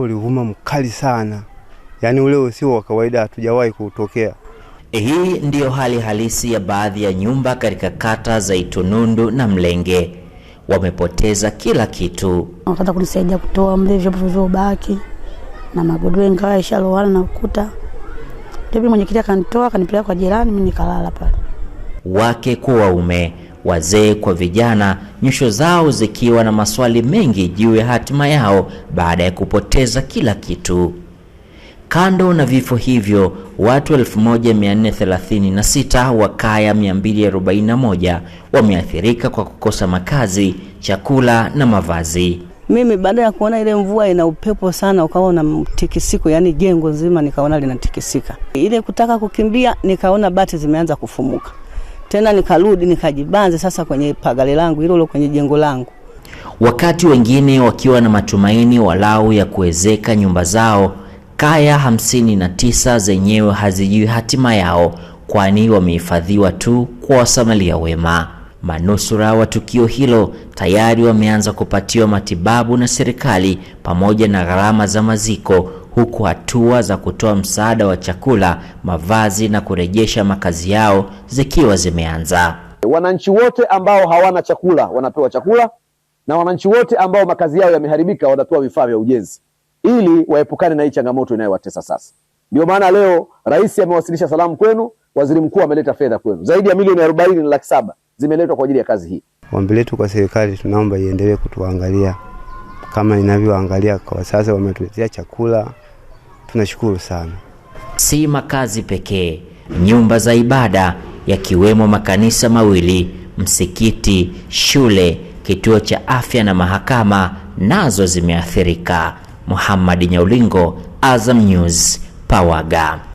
upepo ulivuma mkali sana, yaani ule usio wa kawaida, hatujawahi kutokea e, Hii ndiyo hali halisi ya baadhi ya nyumba katika kata za Itunundu na Mlenge. Wamepoteza kila kitu. Wakata kunisaidia kutoa mle vyombo vilivyobaki na magodoro, ingawa ishalowana na ukuta. Ndipo mwenyekiti akanitoa akanipeleka kwa jirani, mimi nikalala pale. Wake kwa waume wazee kwa vijana, nyusho zao zikiwa na maswali mengi juu ya hatima yao baada ya kupoteza kila kitu. Kando na vifo hivyo, watu 1436 wa kaya 241 wameathirika kwa kukosa makazi, chakula na mavazi. Mimi baada ya kuona ile mvua ina upepo sana, ukawa na mtikisiko, yani jengo nzima nikaona linatikisika. Ile kutaka kukimbia, nikaona bati zimeanza kufumuka tena nikarudi nikajibanze sasa kwenye pagale langu hilo kwenye jengo langu. Wakati wengine wakiwa na matumaini walau ya kuwezeka nyumba zao, kaya hamsini na tisa zenyewe hazijui hatima yao, kwani wamehifadhiwa tu kwa wasamalia wema. Manusura wa tukio hilo tayari wameanza kupatiwa matibabu na serikali pamoja na gharama za maziko huku hatua za kutoa msaada wa chakula, mavazi na kurejesha makazi yao zikiwa zimeanza. Wananchi wote ambao hawana chakula wanapewa chakula na wananchi wote ambao makazi yao yameharibika wanatoa vifaa vya ujenzi ili waepukane na hii changamoto inayowatesa sasa. Ndio maana leo rais amewasilisha salamu kwenu, waziri mkuu ameleta fedha kwenu, zaidi ya milioni arobaini na laki saba zimeletwa kwa ajili ya kazi hii. Ombi letu kwa serikali, tunaomba iendelee kutuangalia kama inavyoangalia kwa sasa, wametuletea chakula, tunashukuru sana. Si makazi pekee, nyumba za ibada yakiwemo makanisa mawili, msikiti, shule, kituo cha afya na mahakama nazo zimeathirika. Muhammad Nyaulingo, Azam News, Pawaga.